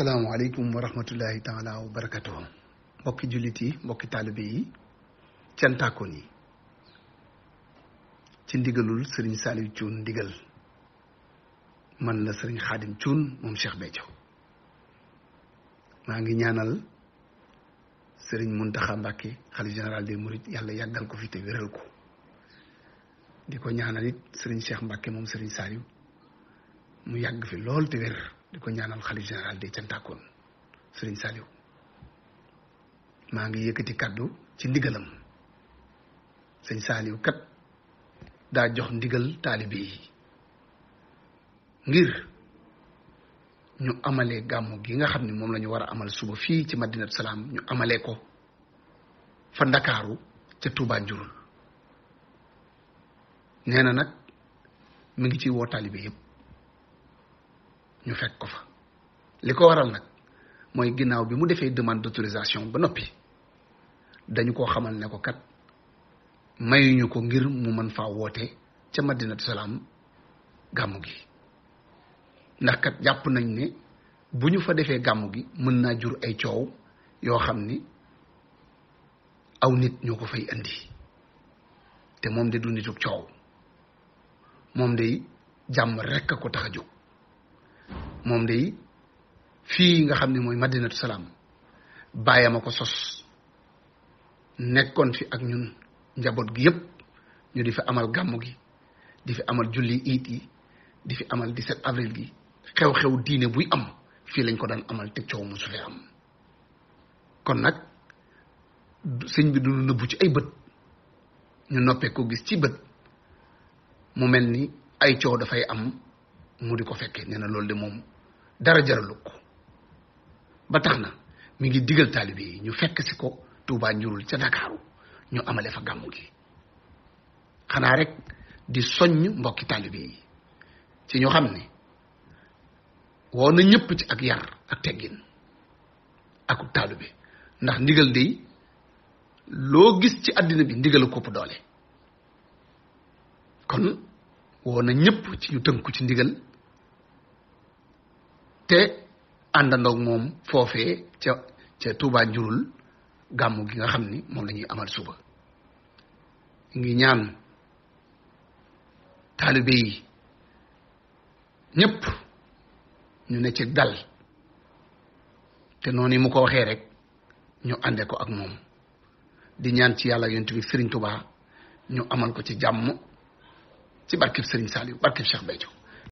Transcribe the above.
salaamualeykum wa rahmatullahi taala wa barakatuhu mbokki jullit yi mbokki taalibe yi cantakon yi ci ndigalul sëriñ Saliou Thioune ndigal man la sëriñ Xaadim Thioune moom Cheikh Béthio maa ngi ñaanal sëriñ Muntaxa Mbàkke xalif général des Mourides yàlla yàggal ko fi te wéral ko di ko ñaanal it sëriñ Cheikh Mbàkke moom sëriñ Saliou mu yàgg fi lool te wér di ko ñaanal xalif général de Thiantakoune Serigne Saliou maa ngi yëkkati kàddu ci ndigalam sëñ Saliou kat daa jox ndigal taalibe yi ngir ñu amalee gàmmu gi nga xam ne moom lañu war a amal suba fii ci Madinatu Salaam ñu amalee ko fa ndakaaru ca Touba Njurul nee nag mu ngi ci woo taalibe yëpp. ñu fekk ko fa li ko waral nag mooy ginnaaw bi mu defee demande autorisation ba noppi dañu koo xamal ne ko kat mayuñu ko ngir mu mën faa woote ca Madinatu Salaam gàmmu gi ndax jàpp nañ ne bu ñu fa defee gàmmu gi mën naa jur ay coow yoo xam ni aw nit ñoo ko fay indi te moom de du nituk coow moom de jàmm rekk a ko tax a jóg moom day fii nga xam ni mooy madinatu salaam bàyyam a ko sos nekkoon fi ak ñun njaboot gi yépp ñu di fi amal gàmmu gi di fi amal julli iit yi di fi amal 17 avril gi xew-xew diine buy am fii lañ ko daan amal te coow mosu fi am kon nag sëñ bi du nëbbu ci ay bët ñu noppee ko gis ci bët mu mel ni ay coow dafay am mu di ko fekkee nee na loolu de moom dara jaralu ba tax na mi ngi digal taalibe yi ñu fekk si ko tuubaa njurul ca Ndakaaru ñu amale fa gàmmu gi xanaa rek di soññ mbokki taalibe yi ci ñu xam ni woo na ñëpp ci ak yar ak teggin ak taalibe ndax ndigal dey loo gis ci àddina bi ndigal a doole kon woo na ñëpp ci ñu tënku ci ndigal te àndandoog moom foofee ca tubaa Touba njurul gàmmu gi nga xam ni moom lañuy amal suba ngi ñaan taalibe yi ñëpp ñu ne ci dal te noonu mu ko waxee rek ñu àndee ko ak moom di ñaan ci yàlla yonent bi Serigne Touba ñu amal ko ci jàmm ci barkib Serigne Saliou barkib Cheikh Béthio